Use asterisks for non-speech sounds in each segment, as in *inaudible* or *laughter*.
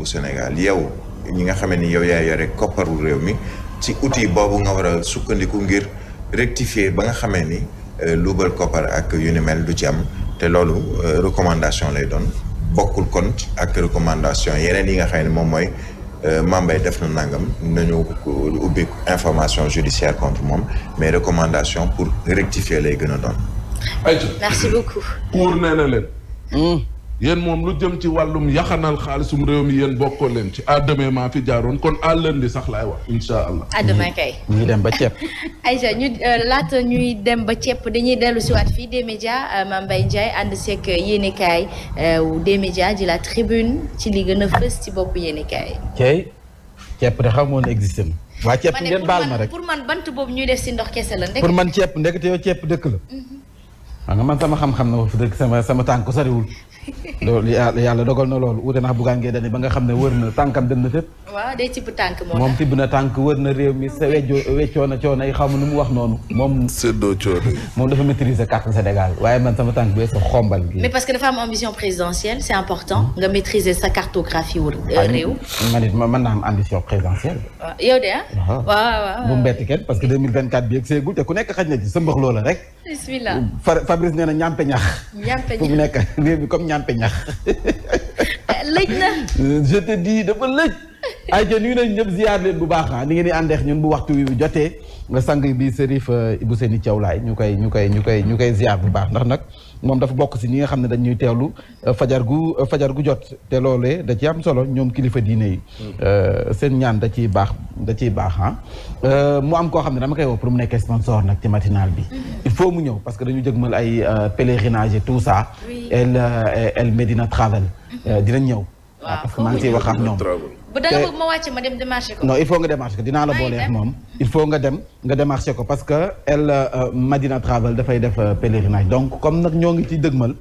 bu Sénégal yow ñi nga xamee ni yow yaa yore kopparu réew mi ci outil boobu nga war a sukkandiku ngir rectifier ba nga xamee ni euh, luubal koppar ak yu ni mel du ci am te loolu euh, recommandation lay doon bokkul kon ak recommandation yeneen yi nga xam ne moom mooy euh, Mambay def na nangam nañu ubbi information judiciaire contre moom mais recommandation pour rectifier lay gën a doon. merci beaucoup. pour nee leen. Mm. yéen moom lu jëm ci wàllum yaxanal xaalisum réew mi yéen bokkoo leen ci à demain maa fi jaaroon kon à lundi sax laay wax incha allah. à demain kay. ñu dem ba ceeb. ay *laughs* ñu euh, laata ñuy dem ba ceeb dañuy dellu si fii des médias euh, Mame Mbaye Ndiaye ànd seeg yéen kaay euh, des médias di tribune ci li gën a fës ci bopp yéen kaay. kay ceeb de xamoon existé na. waa ceeb ngeen baal ma rek pour man bant boobu ñuy def si ndox kese la. pour man ceeb ndekete yow ceeb dëkk la. xam mhm. nga man sama xam-xam na wax dëgg sama sama tànk soriwul. loolu yàlla dogal na loolu wute naa Bougane Gueye Dany ba nga xam ne wër na tànkam dem na fépp waaw day tibb tànk moom tibb na tànk wër na réew mi sa wejjo weccoo na coono yi xam nu mu wax noonu. moom séddoo coono moom dafa maîtriser carte Sénégal waaye man sama tànk bee sa xombal gi. mais parce que dafa am ambition présidentielle c'est important. nga maîtriser sa cartographie euh, man naa am ambition présidentielle. yow de ah. bu mu kenn parce que 2024 bi yegg seegul te ku nekk xaj na sa mbax loola rek. Fabrice nee na ñax. ñàmpe ñax fu mu nekk réew mi *laughs* eh, lëj na. je te dafa lëj. ay ca nuyu nañ ñëpp ziar leen bu baax ah ni ngeen di àndeex ñun bu waxtu wi jotee nga sang bi Serif eh, Ibou Seni ceewlaay laay ñu koy ñu koy ñu koy ñu koy ziar bu baax ndax nag moom dafa bokk si ñi nga xam ne dañuy teelu eh, fajar gu eh, fajar gu jot te loolee da ci am solo ñoom kilifa diine yi mm. seen ñaan da ciy baax da ciy baax ah mu am koo xam ne dama koy woo pour mu nekk sponsor nag ci matinal bi mm-hmm. il faut mu ñëw parce que dañu jëg ma pèlerinage et tout ça el el Medina Travel mm-hmm. ñëw Ah, waaw parce que maa ngi ciy wax ak ñoom. bu dara boobu ma wàcc ma dem démarché il faut nga démarché ko dinaa la booleex moom. il faut nga dem nga démarché ko parce que elle euh, Madina Travel dafay def euh, pèlerinage donc comme nag ñoo ngi ciy dëgmal.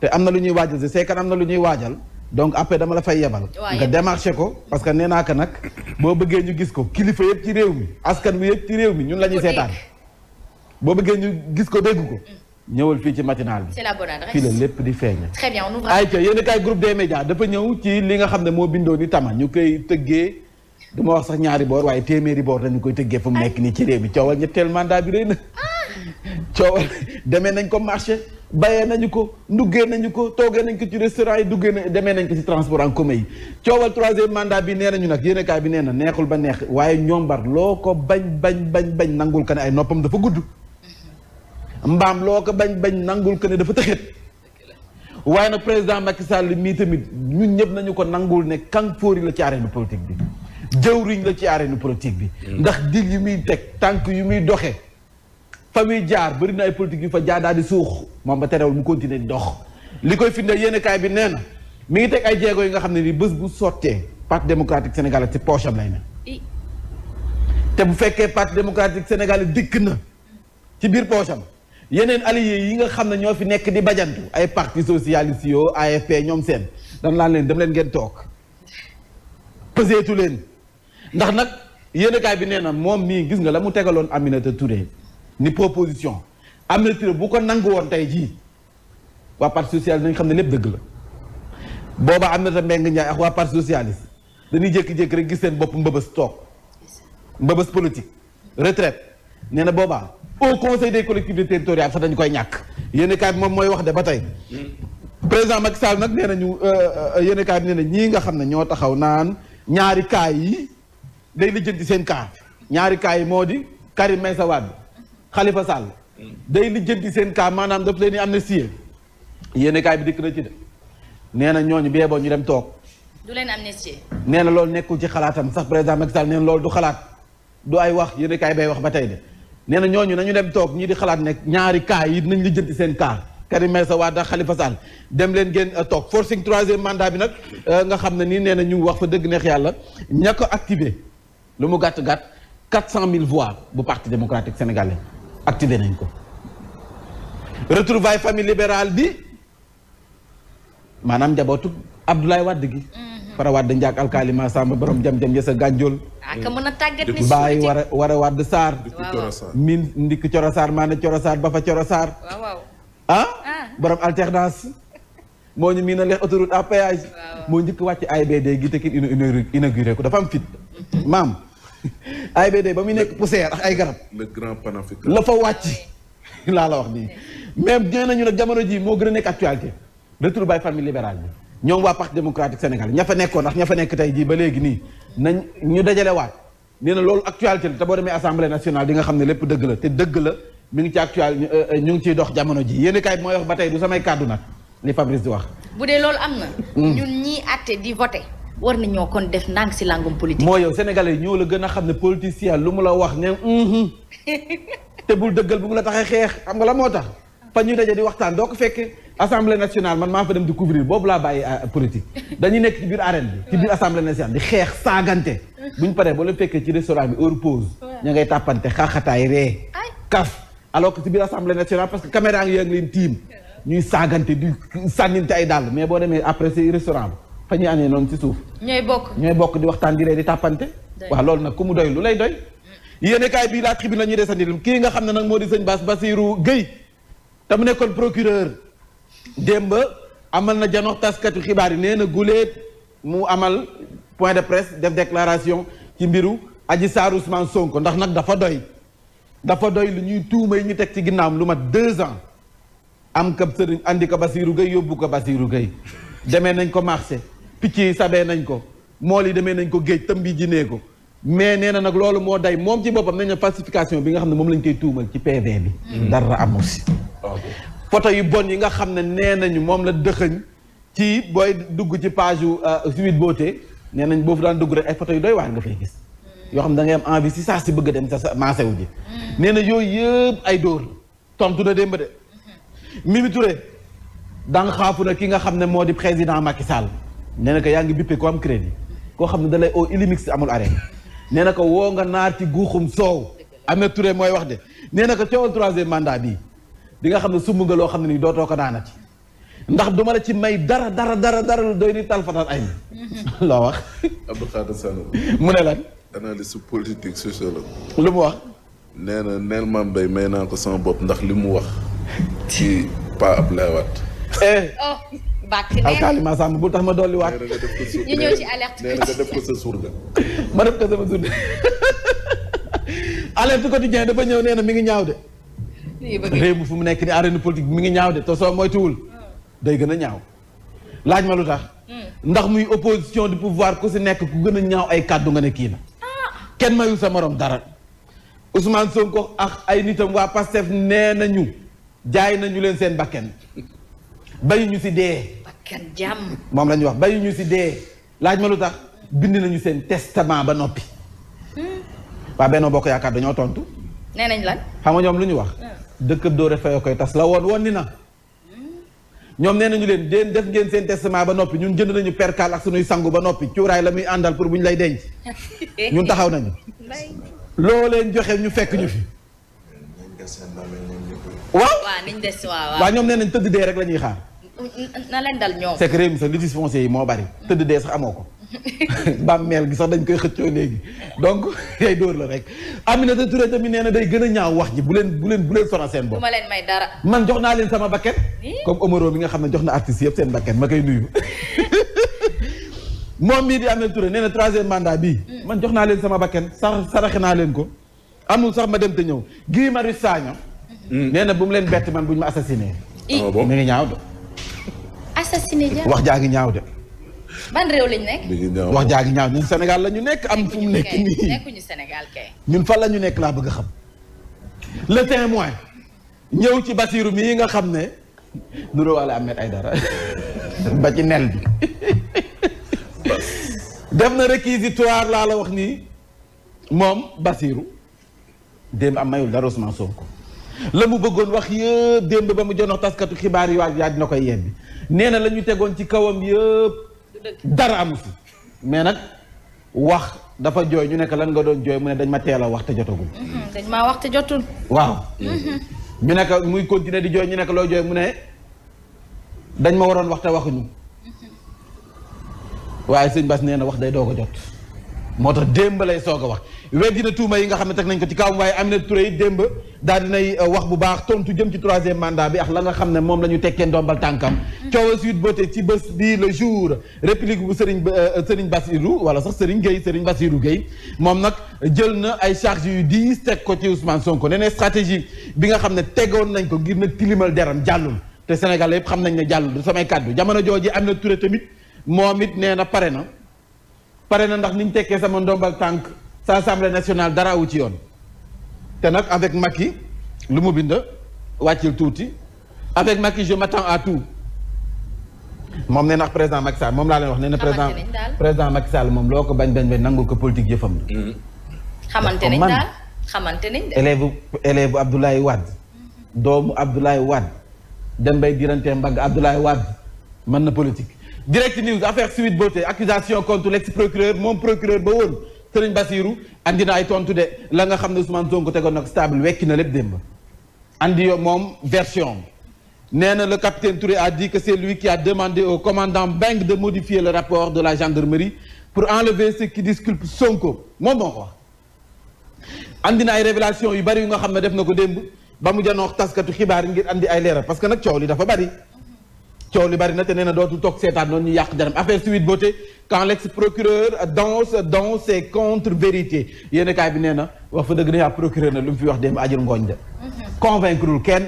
te am na lu ñuy waajal si seekan am na lu ñuy waajal. donc après dama la fay yebal. nga démarché ko parce que nee ko nag boo bëggee ñu gis ko kilifa yëpp ci réew mi askan wi yëpp ci réew mi ñun la ñuy seetaan boo bëggee ñu gis ko dégg ko. Mm. ñëwal fii ci matinal bi. ci la bonne adresse fii la lépp di feeñ. très bien on ouvre. ayca yéen kaay groupe des médias dafa ñëw ci li nga xam ne moo bindoo ni tama ñu koy tëggee. dama wax sax ñaari boor waaye téeméeri boor dañu koy tëggee fu mu nekk ni ci réew mi coowal ñetteel mandat bi rëy na. Ah. coowal demee nañ ko marché baye nañu ko nduggee nañu ko toogee nañ ko ci restaurant yi duggee na demee nañ ko ci transport en commun yi. coowal troisième mandat bi nee nañu nag yéen kaay bi nee na neexul ba neex waaye ñoom bar loo ko bañ bañ bañ bañ nangul ka ne ay noppam dafa gudd. mbaam loo ko bañ bañ nangul ko ne dafa tëxet waaye nag président Macky sàll mii tamit ñun ñëpp nañu ko nangul ne kanfoori la ci arène politique bi jëw riñ la ci arène politique bi mm. ndax dig yi muy teg tànk yu muy doxe fa jaar bari na ay politique yu fa jaar daal di suux moom ba terewul mu continuer di dox li koy firndeel yéen kaay bi nee mu ngi teg ay jéego yi nga xam ne ni bés bu sottee parti démocratique sénégalais ci poche am lay ne te bu fekkee parti démocratique sénégalais dikk na ci biir poche yeneen alliés yi nga xam ne ñoo fi nekk di bajantu ay parti socialiste yoo AFP ñoom seen dan laan leen dem leen ngeen toog pëseetu leen ndax nag yéen kaay bi nee na moom mii gis nga la mu tegaloon Aminata Touré ni proposition na Touré bu ko nangu woon tey jii waa parti socialiste dañ xam ne lépp dëgg la boobaa am booba Aminata Mbengue Ndiaye ak waa parti socialiste dañuy jékki-jékki rek gis seen bopp mbëbës toog mbëbës politique retraite nee na boobaa au conseil des collectivités territoriales sax dañu koy ñàkk yenn kaay bi moom mooy wax de ba tey président mag Sall nag nee nañu euh, euh, yéen kaay bi nee na ñii nga xam ne ñoo taxaw naan ñaari kaay yi day lijjanti seen cas ñaari kaay yi moo di Karim Meïssa Wade Khalifa Sall day lijjanti seen cas maanaam daf leen di amnistie yéen kaay bi dikk na ci de nee na ñooñu bee boo ñu dem toog. du leen amnistie. nee na loolu nekkul ci xalaatam sax président Macky Sall nee na loolu du xalaat du ay wax yéen kaay bay wax ba tey de. nee na ñooñu nañu dem toog ñii di xalaat ne ñaari cas yi nañ li jënti seen cas Karim Meïssa Wade Khalifa Sall dem leen ngeen euh, toog forcing troisième mandat bi nag euh, nga xam ne nii nee na ñu wax fa dëgg neex yàlla ña ko activé lu mu gàtt gàtt quatre cent mille voix bu parti démocratique sénégalais activé nañ ko. retrouvaille famille libérale bi maanaam njabootu Abdoulaye Wade gi. Mm. fara wadd njaag alkaalima samba borom jam-jam ja sa gànjool bàyyi ah, war a war a wadd saar min ndikk coro saar maa ne coro saar ba fa coro saar ah? ah borom alternance moo ñu miinale autoroute à péage moo njëkk wàcc ay gi te ki inauguré ko dafa am fit maam AIBD *laughs* ba muy nekk poussière ay garab la fa wàcc *laughs* laa la wax nii *laughs* même nee nañu ne jamono ji moo gën a nekk actualité retour bay famille libérale ñoom waa parti démocratique sénégal ña fa nekkoon ndax ña fa nekk tey jii ba léegi nii nañ ñu dajale waat nee na loolu actualité la te boo demee assemblée nationale di nga xam ne lépp dëgg la te dëgg la mi ngi ci actuel euh, euh, ñu ngi ciy dox jamono ji yéen kay mooy wax ba tey du samay kàddu nag li Fabrice di wax. bu dee loolu am na. Hmm. ñun ñii àtte di voté. war na nañoo kon def ndànk si langum politique. moo yow sénégalais ñoo la gën a xam ne politicien lu mu la wax ne uhuh. *laughs* te bul dëggal bu mu la taxee xeex xam nga la moo tax fa ñu daje di waxtaan doo ko fekkee assemblée nationale man maa fa dem di couvrir boobu laa bàyyi euh, politique dañuy nekk ci biir arène bi ci biir assemblée nationale di xeex saagante buñ paree ba la fekkee ci restaurant bi heure pause ña ngay tàppante xaaxataay ree kaf alors que ci biir assemblée nationale parce que caméra ngi yaa ngi leen tiim ñuy saagante di sànninte ay dàll mais boo demee après ci restaurant ba fa ñuy amee ñooy bokk ñooy bokk di waxtaan di ree loolu nag ku mu doy lu lay doy. Mm. yéen kaay bii laa tribune la ñuy desandi kii nga xam ne nag moo di sëñ Bass Basirou Guèye te mu nekkoon procureur. démb amal na janox taskatu xibaar yi nee na guléet mu amal point de presse def déclaration ci mbiru Adji Sarr Ousmane Sonko ndax nag dafa doy dafa doy lu ñuy tuuma ñu teg ci ginnaawam lu mat deux ans am kab sëriñ andi ko Basiirou Gueye yóbbu ko Basiirou Gueye demee nañ ko marché picc yi sabee nañ ko moo yi demee nañ ko géej tëmbi jinee ko mais nee na nag loolu moo day moom ci boppam nañ ne falsification bi nga xam ne moom lañ koy tuumal ci PV bi. Mm. dara amu si. photo yu bon yi nga xam ne nee nañu moom la dëxëñ ci booy dugg ci page yu huit euh, beauté nee nañ boobu daan dugg rek ay photo yu doy waar nga fay gis yoo xam da ngay am envie si si bëgg dem sa maase wu mm. nee na yooyu ay dóor tontu na démb de mm-hmm. Mimi Touré danga na ki nga xam ne moo di président Macky Sall nee na ko yaa ngi bippé am crédit koo xam ne dalay oo ilimix si amul arrêt *laughs* nee na ko woo nga naar ci guuxum soow Ameth Touré mooy wax de nee na ko coowal troisième mandat bii di nga xam ne sumb nga loo xam ne nii dootoo ko daanati ndax duma la ci may dara dara dara dara lu doy ni talfatal ay na *laughs* loo wax mu ne lan analyste politique sociologue lu mu wax nee na neel maam may naa ko sama bopp ndax li mu wax *laughs* ci Pa Abdoulaye Wade eh! oh, bàq nee alkaalima sàmm bu tax ma dolli waat ñu ñëw ci alerte nee na nga def ko sa surga *laughs* ma def ko sama surga alerte quotidien dafa ñëw nee na mi ngi ñaaw de réew mi fu mu nekk ni arène politique mi ngi ñaaw de te soo moytuwul day gën a ñaaw laaj ma lu tax hmm. ndax muy opposition du pouvoir ku si nekk ku gën a ñaaw ay kàddu nga ne kii na ah. kenn mayu sa moroom dara Ousmane Sonko ak ay nitam waa Pastef nee nañu jaay nañu leen seen bakken bayu ñu si dee bakken jàmm moom la ñu wax bayu ñu si dee laaj ma lu tax bind nañu seen testament ba noppi hmm. waa Benno Bokk Yaakaar dañoo tontu nee nañ lan xam nga ñoom lu ñu wax hmm. dëkkab dóore fayoo koy tas la woon woon ni na ñoom nee nañu leen déen def ngeen seen testament ba noppi ñun jënd nañu per ak suñuy sangu ba noppi cuuraay la muy àndal pour bu ñu lay denc ñun taxaw nañu loo leen joxe ñu fekk ñu fi waaw waa ñoom nee nañ tëdd dee rek la ñuy xaar na leen dal ñoom c'est que réew mi sax litige foncier yi moo bari mm. tëdd dee sax amoo ko *laughs* meel gi sax dañ koy xëccoo léegi donc yay *laughs* dóor la rek Aminata Touré tamit nee na day gën a ñaaw wax ji bu leen bu leen bu leen sona seen boo du ma man jox naa leen sama bakket. comme Omaro bi nga xam ne jox na artistes yëpp seen bakket ma koy nuyu. *laughs* moom mii di Aminata Touré nee na troisième mandat bii. Mm. man jox naa leen sama bakket sarax saraxe naa leen ko. amul sax ma dem te ñëw Guy Marius Sagna. Mm. nee na bu mu leen bett man bu ñu ma assassiné. Ah mi ngi ñaaw de. assassiné ja wax jaa gi ñaaw de. ban réew lañ nekk. wax jaa ngi ñaaw ñun Sénégal la nekk am fu mu nekk nii. ñun fan la ñu nekk laa bëgg a xam. le témoin ñëw ci Basiru mii nga xam ne. nuroo wala Ahmed Aïdara *laughs* ba ci nel bi. def na réquisitoire laa la wax nii moom Basiru démb am mayul dara Ousmane Sonko la mu bëggoon wax yëpp démb ba mu jonox taskatu xibaar yi waaj yaa dina koy yebbi nee na tegoon ci kawam yëpp dara amu fi mais nag wax dafa jooy ñu nekk lan nga doon jooy mu ne dañ ma teel a wax jotagul. Mhm, dañ maa wax te jotul. waaw. Mhm. ñu nekk muy continuer di jooy ñu nekk loo jooy mu ne dañ ma waroon wax te waxuñu mhm. waaye sëñ Bass neen na wax day doog a jot. moo tax démb lay soog a wax weddi na tuuma yi nga xam ne teg nañ ko ci kawam waaye Aminata Touré yi démb daal dinay euh, wax bu baax tontu jëm ci troisième mandat bi ak la nga xam ne moom la ñu tekkee ndombal tànkam mm. coowal Sweet Beauté ci bés bi le jour réplique bu Serigne euh, Serigne Bassirou wala sax Serigne Gueye Serigne Bassirou Gueye moom nag jël na ay charges yu diis teg ko ci Ousmane Sonko nee na stratégie bi nga xam ne tegoon nañ ko ngir nag tilimal deram jàllul te Sénégal yëpp xam nañ ne jàllul du samay kàddu jamono jooji Aminata Touré tamit moom it nee na pare na pare na ndax ni ñu tekkee sama ndombal tànk sa assemblée nationale dara wu ci yoon te nag avec Macky lu mu bind wàccil tuuti avec Macky je m'attends à tout moom nee na président Macky Sall moom laa leen wax nee na président président Macky moom loo ko bañ bañ bañ nangul ko politique yëfam la. Mm-hmm. xamante nañ daal xamante nañ daal élève élève Abdoulaye Wade. doomu Abdoulaye Wade dem bay dirante mbagg Abdoulaye Wade mën na politique. direct news affaire Sweet Beauté accusation contre l'ex-procureur moom procureur ba woon Serigne Bassirou andi na ay tontu de la nga xam ne Ousmane Sonko tegoon nag stable wekki na lépp démb andi yo moom version nee na le capitaine Touré a dit que c'est lui qui a demandé au commandant Beng de modifier le rapport de la gendarmerie pour enlever ce qui disculpe Sonko moom moo ko wax andi na ay révélation yu bari yu nga xam ne def na ko démb ba mu janoox taskatu xibaar ngir andi ay leeral parce que nag coow li dafa bari coow li bari na te nee na dootul toog seetaan noonu ñu yàq jaram affaire Sweet Beauté quand l'ex-procureur danse dans ses contre-vérités yéen kaay bi nee na wax fa dëgg na yaa procureur na lu mu fi wax dem ajur ngooñ de mhm. convaincre kenn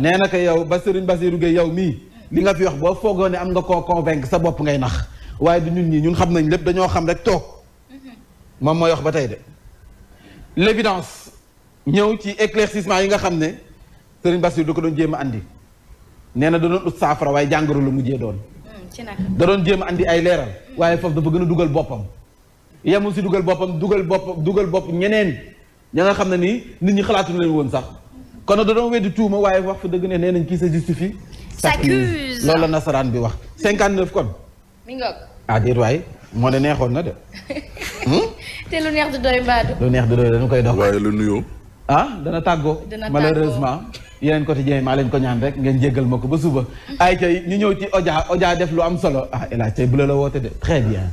nee na ko yow ba Serigne Bassirou Gueye yow mii li nga fi wax boo foogoo ne am nga koo convaincre sa bopp ngay nax waaye du ñun ñi ñun xam nañ lépp dañoo xam rek toog mhm. moom mooy wax ba tey de l'évidence ñëw ci éclaircissement yi nga xam ne Serigne Bassirou du ko doon jéem a andi nee na da doon ut saafara waaye jàngoro la mujjee doon. Hmm, da doon jéem andi ay leeral. waaye foofu dafa gën a dugal boppam. yemul si dugal boppam dugal bopp dugal bopp ñeneen ña nga xam ne nii nit ñi xalaatu leen woon sax kon da doon weddi tuuma waaye wax fa dëgg ne nee nañ kii sa justifie. s'accuse loolu la nasaraan bi wax. 59 kon. mi ngoog. ah déet moo ne neexoon na de. *laughs* Hmm? te lu neex du doy mbaadu. lu neex du doy dañu koy dox. waaye lu nuyoo. ah dana tàggoo. malheureusement. yeneen quotidien maa leen ko ñaan rek ngeen jéggal ma ko ba suba ay tey ñu ñëw ci Odia Odia def lu am solo ah El tey bu la la woote de très bien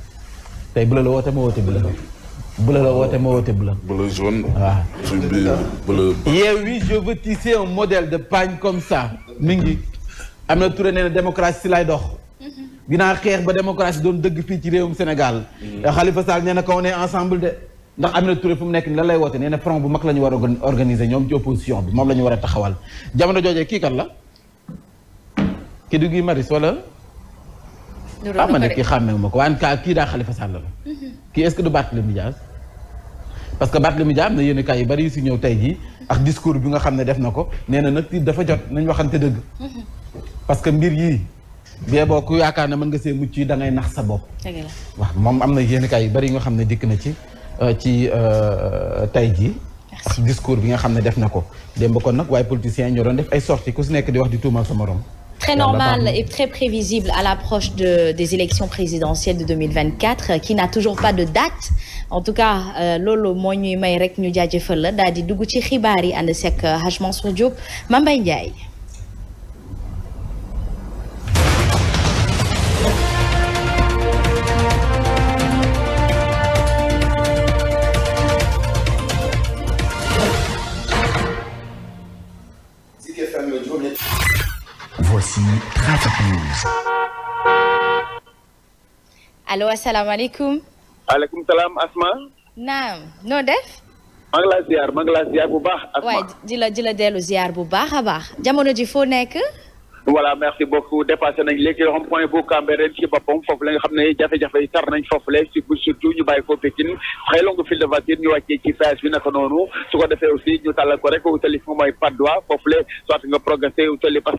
tey bu la woote ma woote bu la la woote ma woote bu la. bu la jaune. waaw Yewwi je veux tisser un de pagne comme ça mi ngi am na Touré nee na démocratie si lay dox. Mhm. dinaa xeex ba démocratie doon dëgg fii ci réewum Sénégal. Mhm. Khalifa Sall nee na ko ensemble de. ndax na Touré fu mu nekk ni lan lay woote nee na front bu mag la ñu war a organiser ñoom ci opposition bi moom la war a taxawal jamono joojee kii kan la ki du Guy Marius wala ah ma ne kii xàmmee ma ko waaye kii daa Khalifa Sall la mhm. kii est-ce que du Barthélémy Dias parce que Barthélémy Dias am na yéen kaay bari yu si ñëw tey jii ak discours bi nga xam ne def na ko nee na nag ti dafa jot nañ waxante dëgg mhm. que mbir yii bee yaakaar ne mën nga see mucc yi da ngay nax sa bopp waaw moom am na yéen yu bari yi nga xam ne dikk na ci Euh, ci euh, euh, tay ji ak discours bi nga xam ne def na ko dem kon nag waaye politiciens ñoo doon def ay sorties ku si nekk di wax di tuumal sa morom Très normal et très prévisible à l'approche de, des élections présidentielles de 2024 qui n'a toujours pas de date en tout cas loolu moo ñuy may rek ñu jaajëfal la daal di dugg ci xibaar yi ànd sek Haj Mansour Diop Mambay Ndiaye Rafet News. allo asalaamaaleykum. salaam Asma. naam noo def. maa ngi laa ziar maa ngi laa ziar bu baax. Asma waay di la di dellu ziar bu baax a baax jamono ji foo nekk. voilà merci beaucoup dépassé nañ léegi rond-point bu Cambérène ci boppam foofu la nga xam ne jafe-jafe yi tar nañ foofu la surtout ñu bàyyi ko Pikine très longue file de voiture ñu wàccee ci péage bi naka noonu su ko defee aussi ñu tàllal rek o fu mooy Patte d'Oie foofu la soit nga progressé utali parce